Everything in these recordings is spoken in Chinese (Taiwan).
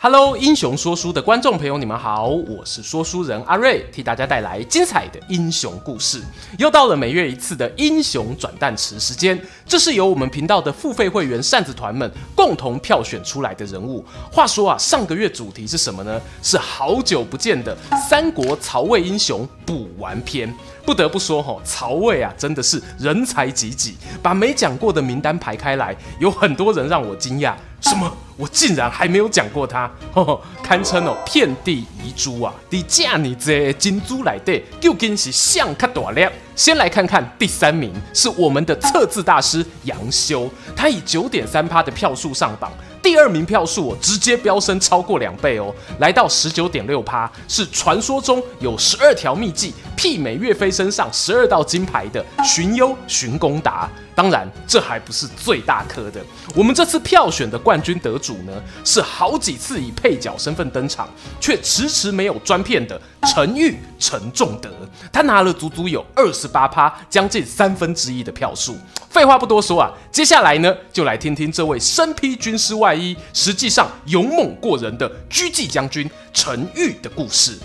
Hello，英雄說書的觀眾朋友，你們好，我是說書人阿睿，替大家帶來精彩的英雄故事。又到了每月一次的英雄轉蛋池時間，這是由我們頻道的付費會員扇子團們共同票選出來的人物。話說啊，上個月主題是什麼呢？是好久不見的三國曹魏英雄補完篇。不得不說，哈曹魏啊，真的是人才濟濟。把沒講過的名單排開來，有很多人讓我驚訝。什麼？我竟然還沒有講過他？呵呵，堪稱哦遍地遺珠啊！在這麼多的金珠裡，究竟是誰卡大粒？先來看看第三名是我們的測字大師楊修，他以九點三趴的票數上榜。第二名票數我、哦、直接飆升超過兩倍哦，來到十九點六趴，是傳說中有十二條秘技，媲美岳飛身上十二道金牌的荀攸荀公達。當然，這還不是最大顆的。我們這次票選的冠軍得主呢，是好幾次以配角身份登場，卻遲遲沒有專片的。程昱程仲德，他拿了足足有二十八趴，將近三分之一的票數。廢話不多說啊，接下來呢，就來聽聽這位身披軍師外衣，實際上勇猛過人的狙擊將軍程昱的故事。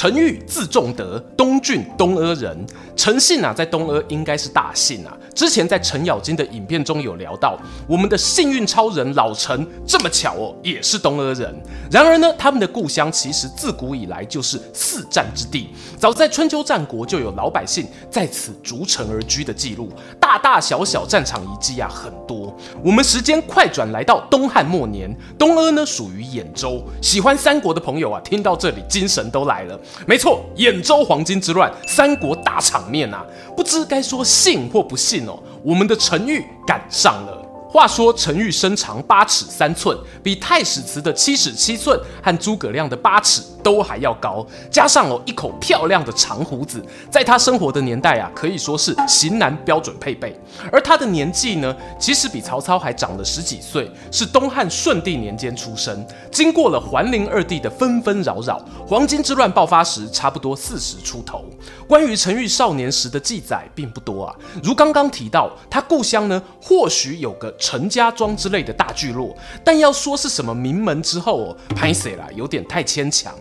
程昱字仲德，東郡東阿人。程姓啊，在東阿應該是大姓啊。之前在程咬金的影片中有聊到，我們的幸運超人老程這麼巧哦，也是東阿人。然而呢，他們的故鄉其實自古以來就是四戰之地，早在春秋戰國就有老百姓在此逐城而居的記錄。大大小小戰場遺迹啊，很多。我們時間快轉來到東漢末年，東阿呢屬於兗州。喜歡三國的朋友啊，聽到這裡精神都來了。沒錯，兗州黃巾之亂，三國大場面啊，不知該說信或不信哦。我們的程昱趕上了。話說程昱身長八尺三寸，比太史慈的七尺七寸和諸葛亮的八尺都還要高，加上哦，一口漂亮的長鬍子，在他生活的年代啊，可以說是型男標準配備。而他的年紀呢，其實比曹操還長了十幾歲，是東漢順帝年間出生。經過了桓靈二帝的紛紛擾擾，黃巾之亂爆發時，差不多四十出頭。關於程昱少年時的記載並不多啊，如剛剛提到，他故鄉呢，或許有個。程家莊之類的大聚落，但要說是什麼名門之後哦，pity 啦，有點太牽強。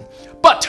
But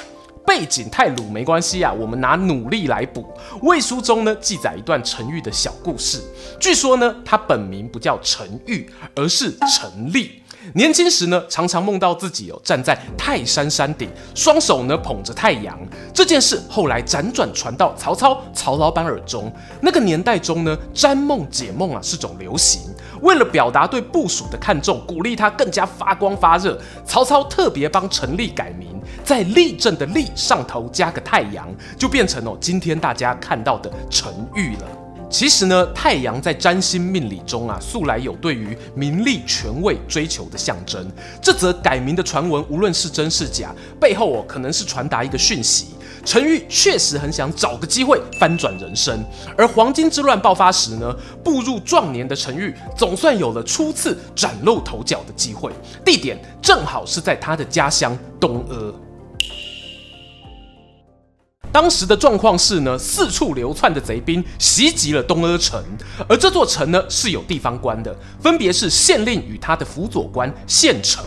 背景太魯沒關係啊，我們拿努力來補。魏書中呢，記載一段程昱的小故事，據說呢，他本名不叫程昱，而是程立。年輕時呢，常常夢到自己有、哦、站在泰山山頂，雙手呢捧着太陽。這件事後來輾轉傳到曹操曹老板耳中。那個年代中呢，占夢解夢啊是種流行。為了表達對部屬的看重，鼓勵他更加發光發熱，曹操特別幫程立改名，在“立正”的“立”上頭加個太陽，就變成哦今天大家看到的程昱了。其實呢，太陽在占星命理中啊，素來有對於名利權位追求的象徵。這則改名的傳聞，無論是真是假，背後哦可能是傳達一個訊息：程昱確實很想找個機會翻轉人生。而黃巾之亂爆發時呢，步入壯年的程昱總算有了初次嶄露頭角的機會，地點正好是在他的家鄉東阿。當時的狀況是呢，四處流竄的賊兵襲擊了東阿城，而這座城呢是有地方官的，分別是縣令與他的輔佐官縣丞。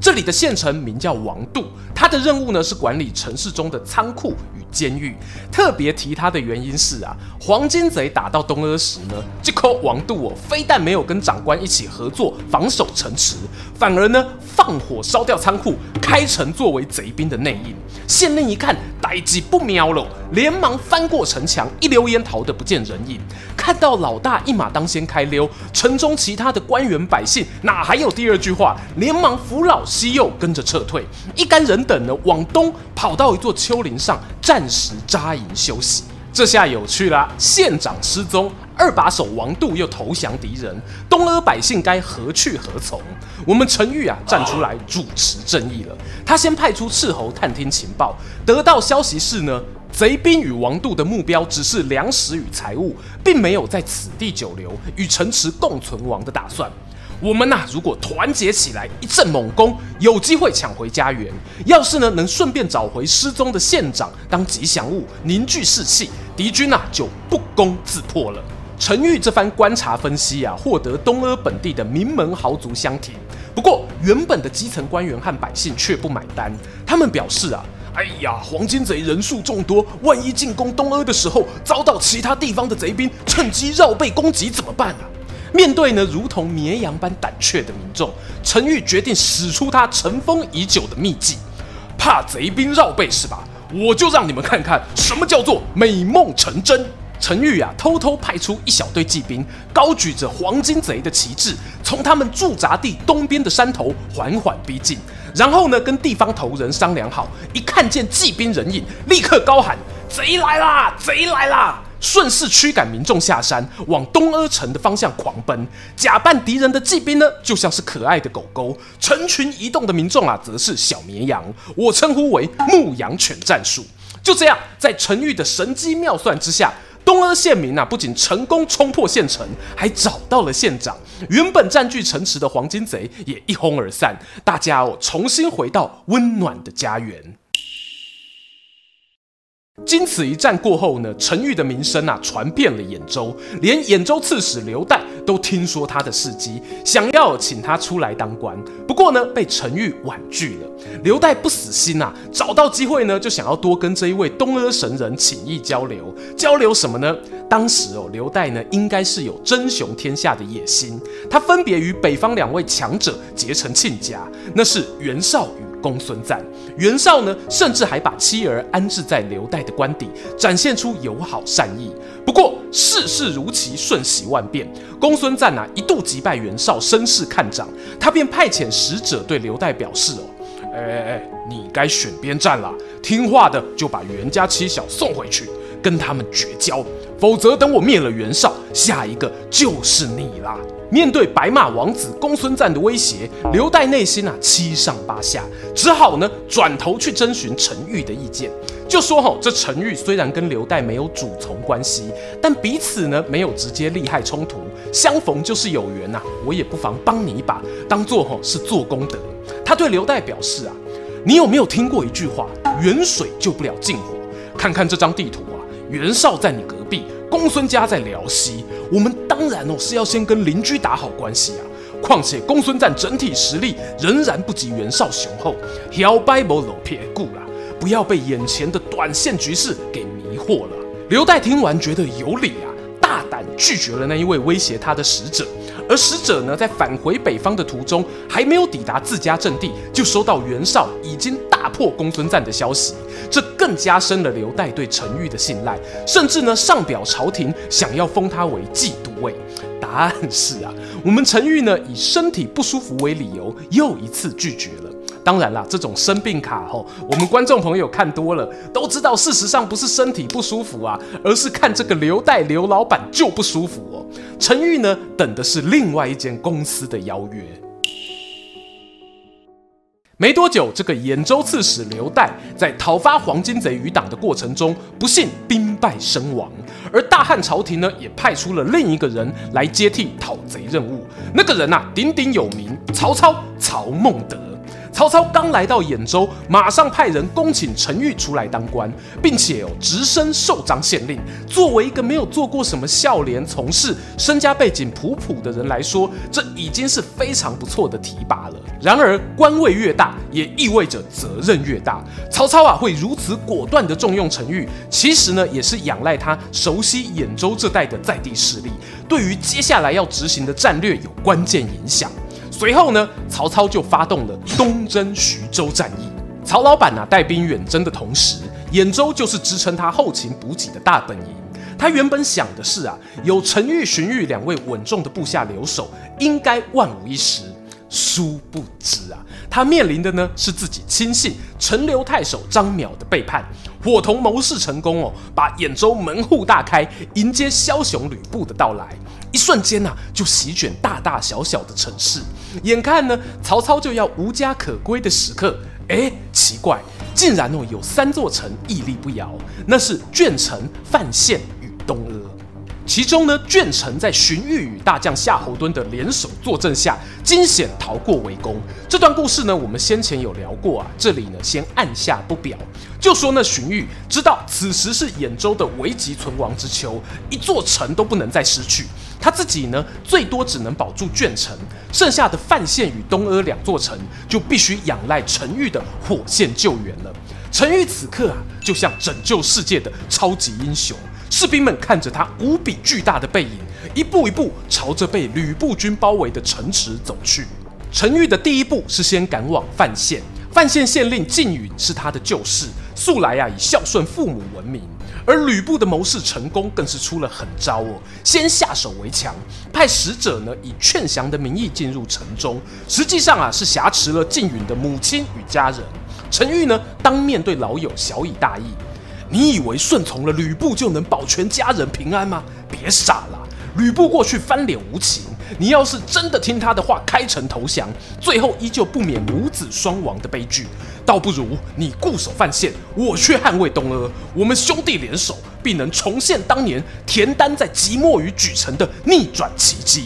這裡的縣丞名叫王度，他的任務呢是管理城市中的倉庫。監獄特別提他的原因是啊，黃金賊打到東阿時呢，這寇王度哦、喔，非但沒有跟長官一起合作防守城池，反而呢放火燒掉倉庫，開城作為賊兵的內應。縣令一看歹計不喵了，連忙翻過城牆，一溜煙逃得不見人影。看到老大一馬當先開溜，城中其他的官員百姓哪還有第二句話？連忙扶老西右跟着撤退。一干人等呢往東跑到一座丘陵上站，時扎營休息，這下有趣啦。縣長失蹤，二把手王度又投降敵人，東阿百姓該何去何從？我們程昱啊，站出來主持正義了。他先派出斥候探聽情報，得到消息是呢，賊兵與王度的目標只是糧食與財物，並沒有在此地久留，與城池共存亡的打算。我們吶、啊，如果團結起來，一陣猛攻，有機會搶回家園。要是呢，能順便找回失蹤的縣長當吉祥物，凝聚士氣，敵軍吶、啊、就不攻自破了。程昱這番觀察分析呀、啊，獲得東阿本地的名門豪族相挺。不過，原本的基層官員和百姓卻不買單。他們表示啊，哎呀，黃巾賊人數眾多，萬一進攻東阿的時候，遭到其他地方的賊兵趁機繞背攻擊，怎麼辦啊？面對呢，如同綿羊般膽怯的民眾，程昱決定使出他塵封已久的秘技。怕賊兵繞背是吧？我就讓你們看看什麼叫做美夢成真。程昱呀、啊，偷偷派出一小隊騎兵，高舉着黃巾賊的旗幟，從他們駐紮地東邊的山頭緩緩逼近。然後呢，跟地方頭人商量好，一看見騎兵人影，立刻高喊：“賊來啦！賊來啦！”順勢驅趕民眾下山，往東阿城的方向狂奔。假扮敵人的騎兵呢，就像是可愛的狗狗；成群移動的民眾啊，則是小綿羊。我稱呼為“牧羊犬戰術”。就這樣，在程昱的神機妙算之下，東阿縣民啊，不僅成功衝破縣城，還找到了縣長。原本占據城池的黃巾賊也一哄而散，大家哦，重新回到溫暖的家園。經此一戰過後呢，程昱的名聲啊傳遍了兗州，連兗州刺史劉岱都聽說他的事跡，想要請他出來當官。不過呢，被程昱婉拒了。劉岱不死心啊，找到機會呢，就想要多跟這一位東阿神人請益交流。交流什麼呢？當時哦，劉岱呢，應該是有爭雄天下的野心，他分別與北方兩位強者結成親家，那是袁紹與公孫瓚。袁紹呢，甚至還把妻兒安置在劉岱的官邸，展現出友好善意。不過世事如棋，瞬息萬變。公孫瓚啊一度擊敗袁紹，聲勢看漲，他便派遣使者對劉岱表示哦，哎哎哎，你該選邊站了，聽話的就把袁家妻小送回去。跟他們絕交，否則等我滅了袁紹，下一個就是你啦！面對白馬王子公孫瓚的威脅，劉岱內心啊七上八下，只好呢轉頭去徵詢程昱的意見，就說哈、哦、這程昱雖然跟劉岱沒有主從關係，但彼此呢沒有直接利害衝突，相逢就是有緣吶、啊，我也不妨幫你一把，當做哈、哦、是做功德。他對劉岱表示啊，你有沒有聽過一句話，遠水救不了近火？看看這張地圖、啊。袁紹在你隔壁，公孫家在遼西，我們當然哦是要先跟鄰居打好關係啊。況且公孫瓚整體實力仍然不及袁紹雄厚，b 白毛老別顧了，不要被眼前的短線局勢給迷惑了。劉岱聽完覺得有理啊。但拒絕了那一位威脅他的使者，而使者呢，在返回北方的途中，還沒有抵達自家陣地，就收到袁紹已經大破公孫瓚的消息，這更加深了劉岱對程昱的信賴，甚至呢，上表朝廷想要封他為騎都尉。答案是啊，我們程昱呢，以身體不舒服為理由，又一次拒絕了。當然啦，這種生病卡吼，我們觀眾朋友看多了，都知道事實上不是身體不舒服啊，而是看這個劉岱劉老闆就不舒服哦。程昱呢，等的是另外一間公司的邀約。沒多久，這個兗州刺史劉岱在討伐黃巾賊餘黨的過程中，不幸兵敗身亡。而大漢朝廷呢，也派出了另一個人來接替討賊任務。那個人啊，鼎鼎有名，曹操曹孟德。曹操剛來到兗州，馬上派人恭請程昱出來當官，並且哦，直升壽張縣令。作為一個沒有做過什麼孝廉從事、身家背景普普的人來說，這已經是非常不錯的提拔了。然而，官位越大，也意味着責任越大。曹操啊，會如此果斷地重用程昱，其實呢，也是仰賴他熟悉兗州這帶的在地勢力，對於接下來要執行的戰略有關鍵影響。隨後呢，曹操就發動了東征徐州戰役。曹老板呢、啊、帶兵遠征的同時，兗州就是支撐他後勤補給的大本營。他原本想的是啊，有程昱荀彧兩位穩重的部下留守，應該萬無一失。殊不知啊，他面臨的呢，是自己親信陳留太守張邈的背叛，夥同謀士陳宮哦，把兗州門戶大開，迎接梟雄呂布的到來。一瞬間吶、啊，就席捲大大小小的城市。眼看呢，曹操就要無家可歸的時刻，哎，奇怪，竟然哦，有三座城屹立不搖，那是鄄城、范縣與東阿。其中呢，鄄城在荀彧與大將夏侯惇的聯手坐鎮下，驚險逃過圍攻。這段故事呢，我們先前有聊過啊，這裡呢先按下不表。就說那荀彧知道此時是兗州的危急存亡之秋，一座城都不能再失去。他自己呢，最多只能保住鄄城，剩下的范縣與東阿兩座城，就必須仰賴程昱的火線救援了。程昱此刻啊，就像拯救世界的超級英雄。士兵們看着他無比巨大的背影，一步一步朝着被呂布軍包圍的城池走去。程昱的第一步是先趕往范縣，范縣縣令靳允是他的舊識，素來啊以孝順父母聞名。而呂布的謀士陳宮更是出了狠招哦，先下手為強，派使者呢以勸降的名義進入城中，實際上啊是挾持了靳允的母親與家人。程昱呢當面對老友曉以大義。你以為順從了呂布就能保全家人平安嗎？別傻了，呂布過去翻臉無情。你要是真的聽他的話開城投降，最後依舊不免母子雙亡的悲劇。倒不如你固守范縣，我卻捍衛東阿，我們兄弟聯手，必能重現當年田單在即墨與莒城的逆轉奇蹟。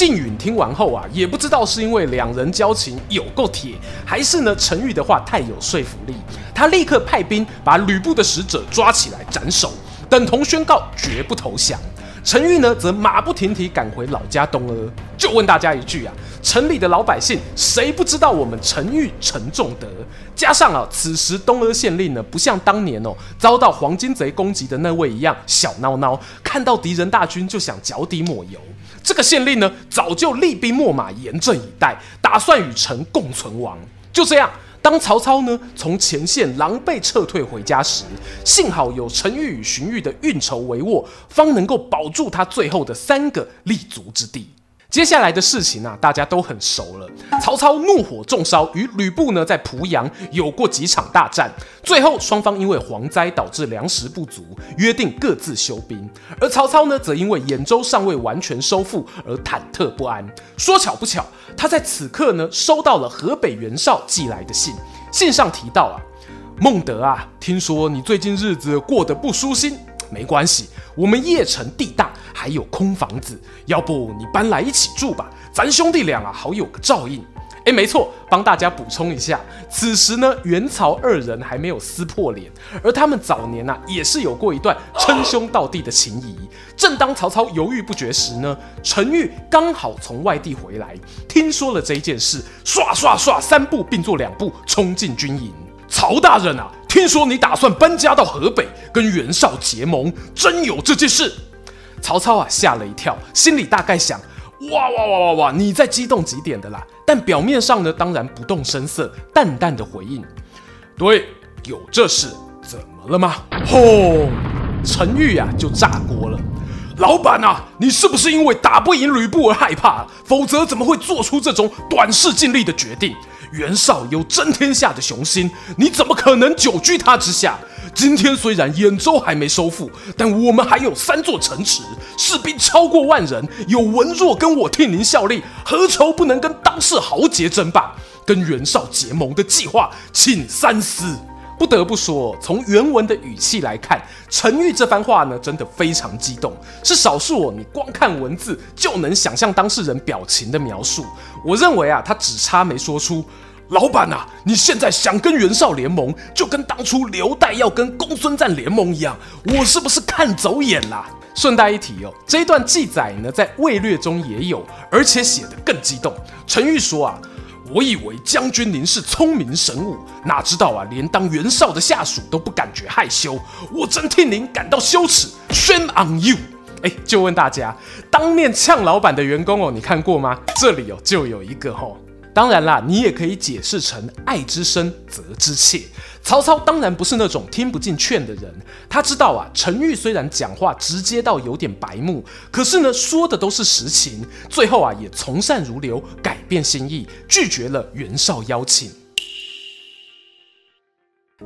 靳允聽完後啊，也不知道是因為兩人交情有夠鐵，還是呢程昱的話太有說服力，他立刻派兵把呂布的使者抓起來斬首，等同宣告絕不投降。程昱呢，則馬不停蹄趕回老家東阿。就問大家一句啊，城裡的老百姓誰不知道我們程昱、程仲德？加上啊，此時東阿縣令呢，不像當年哦遭到黃巾賊攻擊的那位一樣小孬孬，看到敵人大軍就想腳底抹油。這個縣令呢，早就厲兵秣馬，嚴陣以待，打算與城共存亡。就這樣，當曹操呢從前線狼狽撤退回家時，幸好有程昱與荀彧的運籌帷幄，方能夠保住他最後的三個立足之地。接下來的事情啊，大家都很熟了。曹操怒火中燒，與呂布呢在濮陽有過幾場大戰，最後雙方因為蝗災導致糧食不足，約定各自休兵。而曹操呢，則因為兗州尚未完全收復而忐忑不安。說巧不巧，他在此刻呢收到了河北袁紹寄來的信，信上提到啊，孟德啊，聽說你最近日子過得不舒心。沒關係，我們鄴城地大，還有空房子，要不你搬來一起住吧？咱兄弟倆啊，好有個照應。哎、欸，沒錯，幫大家補充一下，此時呢，袁曹二人還沒有撕破臉，而他們早年呢、啊，也是有過一段稱兄道弟的情誼。正當曹操猶豫不決時呢，程昱剛好從外地回來，聽說了這件事，唰唰唰，三步併作兩步，衝進軍營。曹大人啊！聽說你打算搬家到河北跟袁紹結盟，真有這件事？曹操啊嚇了一跳，心裡大概想：哇哇哇哇哇，你在激動幾點的啦？但表面上呢，當然不動聲色，淡淡的回應：對，有這事，怎麼了嗎？吼、哦！程昱啊就炸鍋了，老闆啊，你是不是因為打不贏呂布而害怕、啊？否則怎麼會做出這種短視近利的決定？袁紹有爭天下的雄心，你怎麼可能久居他之下？今天雖然兗州還沒收復，但我們還有三座城池，士兵超過萬人，有文若跟我替您效力，何愁不能跟當世豪傑爭霸？跟袁紹結盟的計劃，請三思。不得不說哦，從原文的語氣來看，程昱這番話呢，真的非常激動。是少數哦，你光看文字就能想象當事人表情的描述。我認為啊，他只差沒說出：“老闆啊，你現在想跟袁紹聯盟，就跟當初劉岱要跟公孫瓚聯盟一樣。”我是不是看走眼啦、啊？順帶一提哦，這一段記載呢，在《魏略》中也有，而且寫得更激動。程昱說啊。我以為將軍您是聰明神武，哪知道啊，連當袁紹的下屬都不感覺害羞，我真替您感到羞恥。Shame on you！哎，就問大家，當面嗆老板的員工哦，你看過嗎？這裡哦，就有一個哦。當然啦，你也可以解釋成“愛之深，責之切”。曹操當然不是那種聽不進勸的人，他知道啊，程昱雖然講話直接到有點白目，可是呢，說的都是實情。最後啊，也從善如流，改變心意，拒絕了袁紹邀請。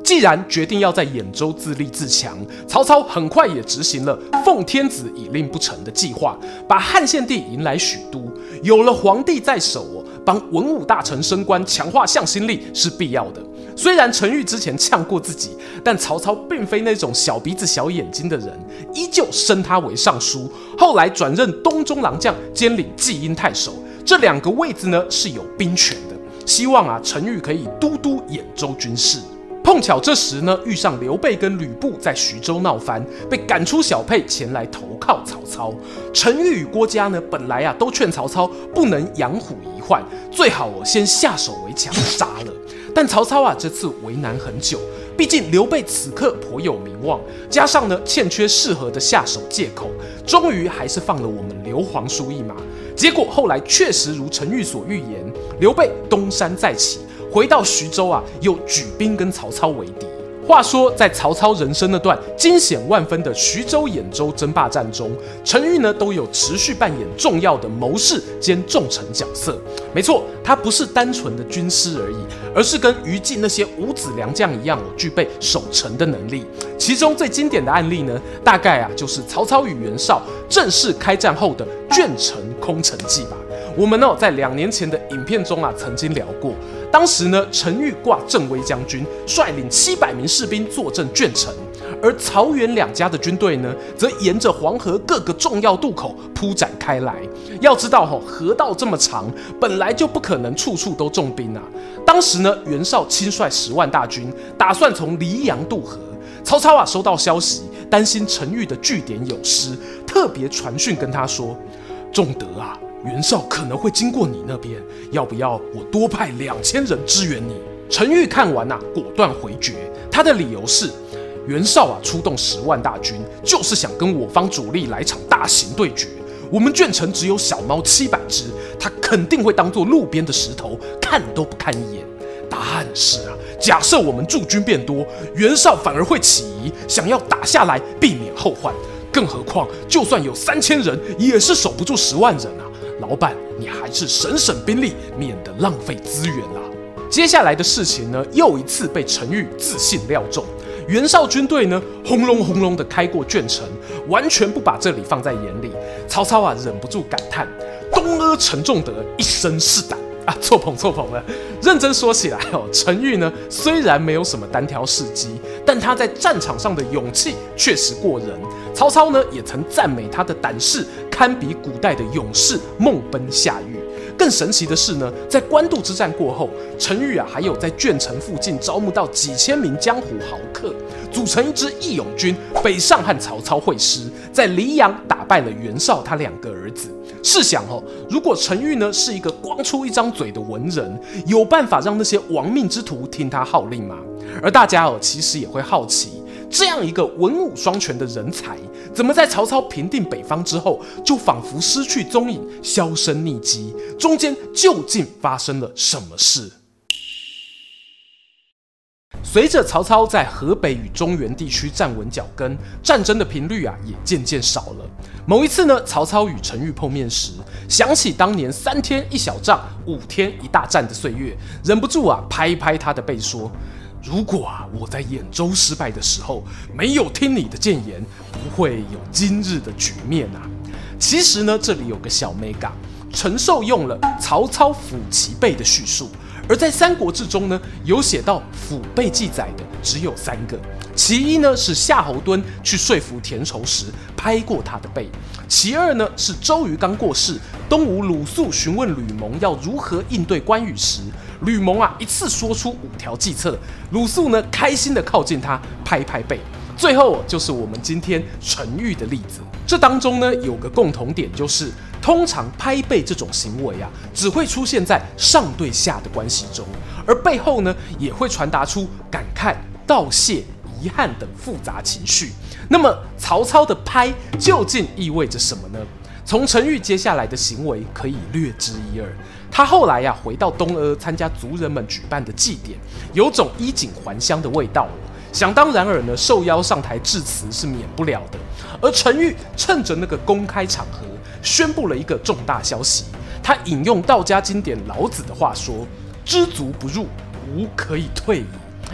既然決定要在兗州自立自強，曹操很快也執行了“奉天子以令不臣”的計劃，把漢獻帝迎來許都，有了皇帝在手。幫文武大臣升官，強化向心力是必要的。雖然程昱之前嗆過自己,但曹操並非那種小鼻子小眼睛的人，依舊升他為尚書，後來轉任東中郎將兼領濟陰太守。這兩個位子呢，是有兵權的，希望啊程昱可以都督兗州軍事。碰巧這時呢，遇上劉備跟呂布在徐州鬧翻，被趕出小沛，前來投靠曹操。程昱與郭嘉呢，本來啊都勸曹操不能養虎遺患，最好我先下手為強殺了。但曹操啊這次為難很久，畢竟劉備此刻頗有名望，加上呢欠缺適合的下手借口，終於還是放了我們劉皇叔一馬。結果後來確實如程昱所預言，劉備東山再起。回到徐州啊，又舉兵跟曹操為敵。話說，在曹操人生那段驚險萬分的徐州兗州爭霸戰中，程昱呢都有持續扮演重要的謀士兼重臣角色。沒錯，他不是單純的軍師而已，而是跟於禁那些五子良將一樣，具備守城的能力。其中最經典的案例呢，大概啊就是曹操與袁紹正式開戰後的鄄城空城計吧。我們呢、哦，在兩年前的影片中啊，曾經聊過。當時呢，程昱掛振威將軍，率領七百名士兵坐鎮鄄城，而曹袁兩家的軍隊呢，則沿着黃河各個重要渡口鋪展開來。要知道哈、哦，河道這麼長，本來就不可能處處都重兵啊。當時呢，袁紹親率十萬大軍，打算從黎陽渡河。曹操啊，收到消息，擔心程昱的據點有失，特別傳訊跟他說：“仲德啊。”袁紹可能會經過你那邊，要不要我多派兩千人支援你？程昱看完吶、啊，果斷回絕。他的理由是，袁紹啊出動十萬大軍，就是想跟我方主力來場大型對決。我們鄄城只有小貓七百只，他肯定會當做路邊的石頭，看都不看一眼。答案是啊，假設我們駐軍變多，袁紹反而會起疑，想要打下來，避免後患。更何況，就算有三千人，也是守不住十萬人啊。老闆，你還是省省兵力，免得浪費資源了、啊。接下來的事情呢，又一次被程昱自信料中。袁紹軍隊呢，轟隆轟隆的開過鄄城，完全不把這裡放在眼裡。曹操啊，忍不住感嘆：“東阿程仲德，一身是膽啊！”錯捧錯捧了。認真說起來哦，程昱呢，雖然沒有什麼單挑事蹟，但他在戰場上的勇氣確實過人。曹操呢，也曾讚美他的膽識。堪比古代的勇士，孟賁、夏育。更神奇的是呢，在官渡之戰過後，程昱啊，還有在鄄城附近招募到幾千名江湖豪客，組成一支義勇軍，北上和曹操會師，在黎陽打敗了袁紹他兩個兒子。試想哦，如果程昱呢，是一個光出一張嘴的文人，有辦法讓那些亡命之徒聽他號令嗎？而大家哦，其實也會好奇。這樣一個文武雙全的人才，怎麼在曹操平定北方之後，就仿佛失去蹤影，銷聲匿迹？中間究竟發生了什麼事？隨着曹操在河北與中原地區站穩腳跟，戰爭的頻率啊，也漸漸少了。某一次呢，曹操與程昱碰面時，想起當年三天一小仗，五天一大戰的歲月，忍不住啊，拍拍他的背說。如果啊，我在兗州失敗的時候沒有聽你的諫言，不會有今日的局面吶、啊。其實呢，這裡有個小 mega，陳壽用了曹操撫其背的敘述，而在《三國志》中呢，有寫到撫背記載的只有三個。其一呢，是夏侯惇去說服田疇時拍過他的背；其二呢，是周瑜剛過世，東吳魯肅詢問呂蒙要如何應對關羽時，呂蒙啊，一次說出五條計策，魯肅呢，開心地靠近他，拍拍背。最後就是我們今天成語的例子。這當中呢，有個共同點，就是通常拍背這種行為啊，只會出現在上對下的關係中，而背後呢，也會傳達出感慨、道謝、遺憾等複雜情緒。那麼曹操的拍究竟意味着什麼呢？從程昱接下來的行為可以略知一二。他後來呀、啊、回到東阿參加族人們舉辦的祭典，有種衣錦還鄉的味道，想當然爾呢，受邀上台致辭是免不了的。而程昱趁着那個公開場合，宣布了一個重大消息。他引用道家經典老子的話說：“知足不辱，吾可以退矣。”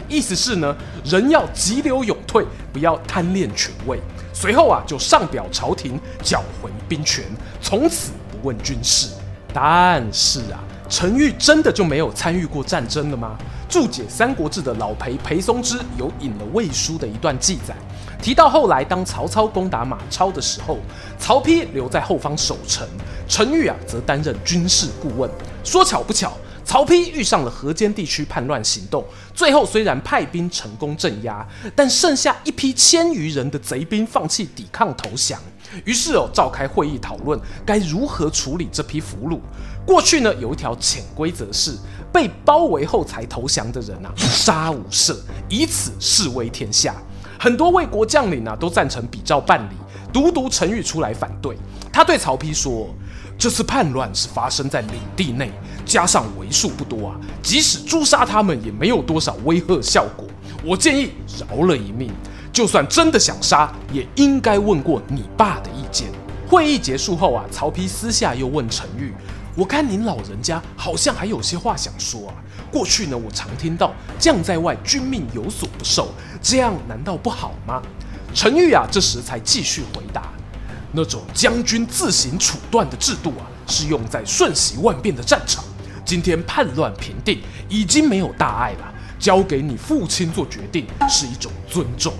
意思是呢，人要急流勇退，不要貪戀權位。隨後啊，就上表朝廷繳回兵權，從此不問軍事。但是啊，程昱真的就沒有參與過戰爭了嗎？注解《三國志》的老裴裴松之有引了《魏書》的一段記載，提到後來當曹操攻打馬超的時候，曹丕留在後方守城，程昱啊則擔任軍事顧問。說巧不巧。曹丕遇上了河間地區叛亂行動，最後雖然派兵成功鎮壓，但剩下一批千餘人的賊兵放棄抵抗投降。於是哦，召開會議討論該如何處理這批俘虜。過去呢，有一條潛規則是，被包圍後才投降的人啊，殺無赦，以此示威天下。很多魏國將領呢、啊，都贊成比照辦理，獨獨程昱出來反對。他對曹丕說，這次叛亂是發生在領地內，加上為數不多啊，即使誅殺他們也沒有多少威嚇效果。我建議饒了一命，就算真的想殺，也應該問過你爸的意見。會議結束後啊，曹丕私下又問程昱：“我看您老人家好像還有些話想說啊。過去呢，我常聽到‘將在外，君命有所不受’，這樣難道不好嗎？”程昱啊，這時才繼續回答。那種將軍自行處斷的制度啊，是用在瞬息萬變的戰場。今天叛亂平定，已經沒有大礙了，交給你父親做決定是一種尊重。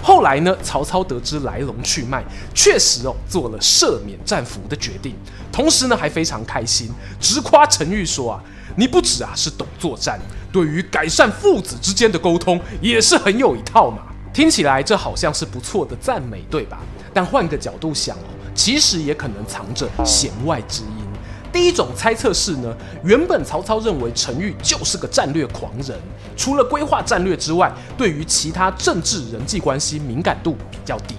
後來呢，曹操得知來龍去脈，確實哦做了赦免戰俘的決定，同時呢還非常開心，直誇程昱說啊，你不只啊是懂作戰，對於改善父子之間的溝通也是很有一套嘛。聽起來這好像是不錯的讚美，對吧？但換個角度想，其實也可能藏着弦外之音。第一種猜測是呢，原本曹操認為程昱就是個戰略狂人，除了規劃戰略之外，對於其他政治人際關係敏感度比較低。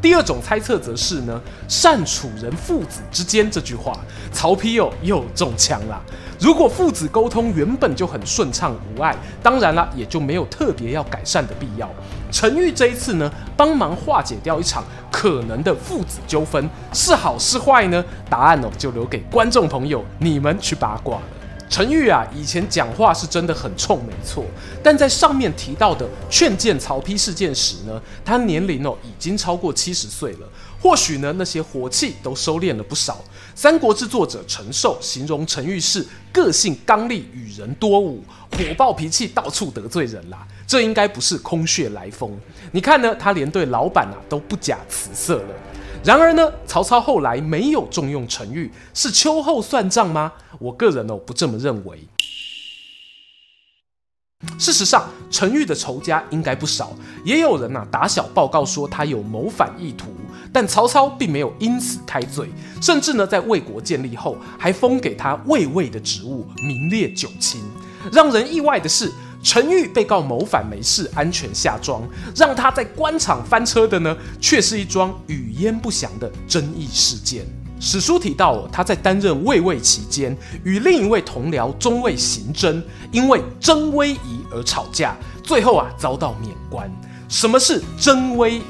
第二種猜測則是呢，善處人父子之間這句話，曹丕又又中槍了、啊。如果父子溝通原本就很順暢無礙，當然了也就沒有特別要改善的必要。程昱這一次呢，幫忙化解掉一場可能的父子糾紛，是好是壞呢？答案哦，就留給觀眾朋友你們去八卦了。程昱啊，以前講話是真的很衝，沒錯。但在上面提到的勸諫曹丕事件時呢，他年齡哦已經超過七十歲了，或許呢那些火氣都收斂了不少。三國志作者陳壽形容程昱是個性剛烈，與人多忤，火爆脾氣，到處得罪人啦。這應該不是空穴來風，你看呢？他連對老板啊都不假辭色了。然而呢，曹操後來沒有重用程昱，是秋後算賬嗎？我個人呢、哦、不這麼認為。事實上，程昱的仇家應該不少，也有人吶、啊、打小報告說他有謀反意圖，但曹操並沒有因此開罪，甚至呢在魏國建立後還封給他衛尉的職務，名列九卿。讓人意外的是。程昱被告謀反沒事，安全下莊。讓他在官場翻車的呢，卻是一樁語焉不詳的爭議事件。史書提到，他在擔任衛尉期間，與另一位同僚中尉邢貞因為爭威儀而吵架，最後啊遭到免官。什麼是爭威儀？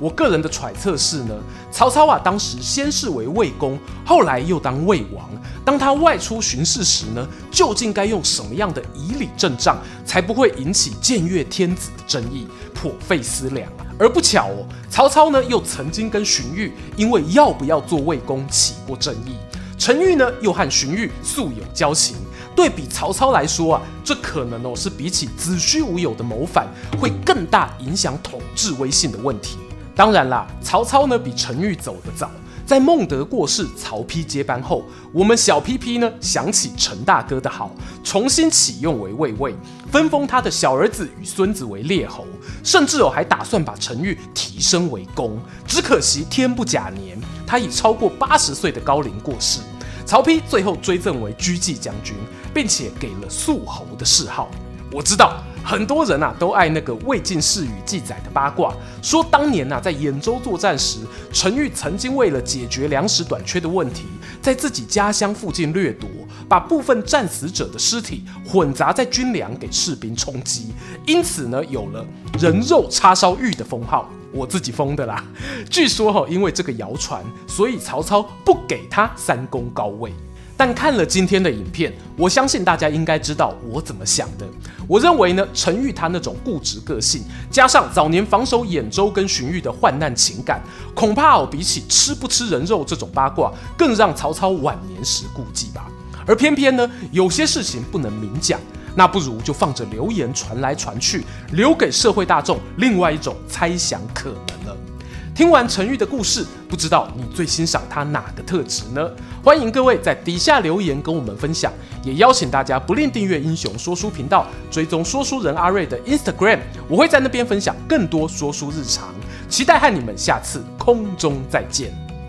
我個人的揣測是呢，曹操啊，當時先是為魏公，後來又當魏王。當他外出巡視時呢，究竟該用什麼樣的儀禮陣仗，才不會引起僭越天子的爭議，頗費思量。而不巧哦，曹操呢又曾經跟荀彧因為要不要做魏公起過爭議。程昱呢又和荀彧素有交情。對比曹操來說啊，這可能哦是比起子虛烏有的謀反，會更大影響統治威信的問題。當然啦，曹操呢比程昱走得早。在孟德過世、曹丕接班後，我們小屁屁呢想起程大哥的好，重新啟用為衛尉，分封他的小兒子與孫子為列侯，甚至哦還打算把程昱提升為公。只可惜天不假年，他以超過八十歲的高齡過世。曹丕最後追贈為車騎將軍，並且給了肅侯的諡號。我知道。很多人啊，都愛那個《魏晉世語》記載的八卦，說當年吶、啊、在兗州作戰時，程昱曾經為了解決糧食短缺的問題，在自己家鄉附近掠奪，把部分戰死者的屍體混雜在軍糧給士兵充飢，因此呢有了「人肉叉燒昱」的封號，我自己封的啦。據說哈、哦、因為這個謠傳，所以曹操不給他三公高位。但看了今天的影片，我相信大家應該知道我怎麼想的。我認為呢，程昱他那種固執個性，加上早年防守兗州跟荀彧的患難情感，恐怕、哦、比起吃不吃人肉這種八卦，更讓曹操晚年時顧忌吧。而偏偏呢，有些事情不能明講，那不如就放着流言傳來傳去，留給社會大眾另外一種猜想可能了。聽完程昱的故事，不知道你最欣賞他哪個特質呢？歡迎各位在底下留言跟我們分享，也邀請大家不吝訂閱英雄說書頻道，追蹤說書人阿睿的 Instagram，我會在那邊分享更多說書日常。期待和你們下次空中再見。